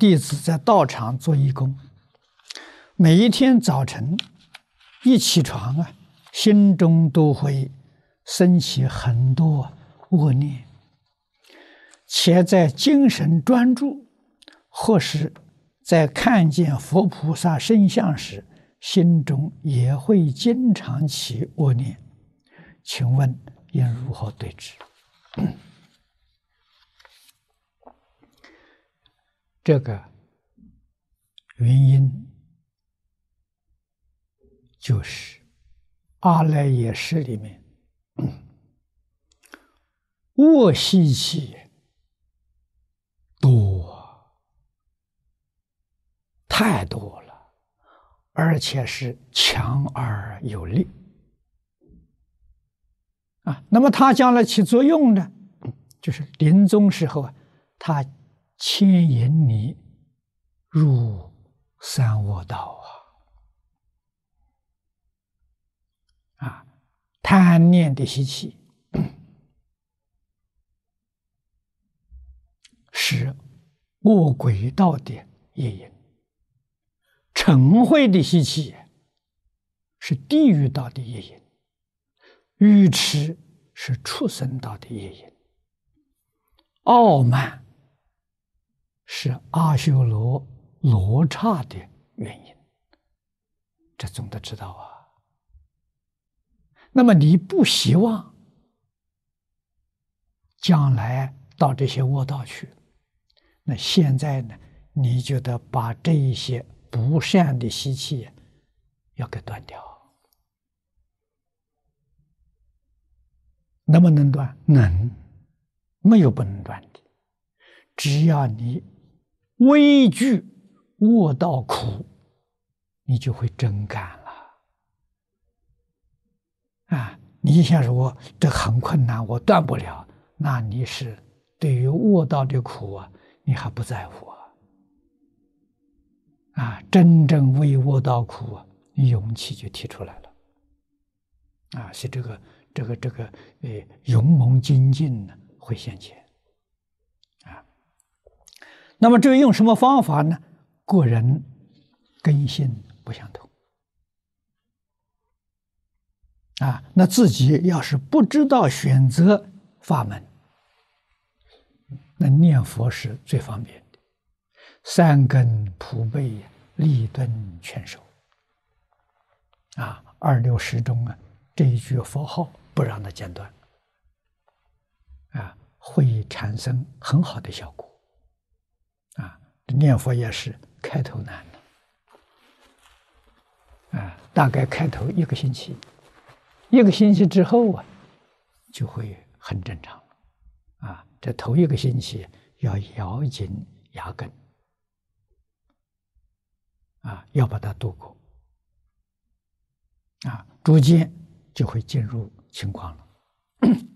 弟子在道場做義工，每一天早晨一起床啊，心中都會升起很多惡念，且在精神專注或是在看見佛菩薩聖像時，心中也會經常起惡念。請問應如何對治？ 這個原因就是阿賴耶識裡面惡習氣多，太多了，而且是強而有力啊。那麼他將來起作用呢，就是臨終時候啊，他。牽引你入三惡道啊！啊，貪念的習氣是餓鬼道的業因；嗔恚的習氣是地獄道的業因；愚痴是畜生道的業因；傲慢。是阿修羅、羅剎的原因，這總得知道啊。那麼你不希望將來到這些惡道去，那現在呢，你就得把這一些不善的習氣要給斷掉。能不能斷？能，沒有不能斷的，只要你。畏懼惡道苦，你就會真幹了。啊，你像說，我這很困難，我斷不了，那你是對於惡道的苦啊，你還不在乎啊？啊，真正畏惡道苦啊，你勇氣就提出來了。啊，所以這個這個這個，呃勇猛精進呢、啊，會現前。那麼至於用什麼方法呢？個人根性不相同啊。那自己要是不知道選擇法門，那念佛是最方便的。三根普被，利鈍全收啊。二六時中啊，這一句佛號不讓它間斷啊，會產生很好的效果。念佛也是開頭難的，啊，大概開頭一個星期，一個星期之後啊，就會很正常，啊，這頭一個星期要咬緊牙根，啊，要把它度過，啊，逐漸就會進入情況了。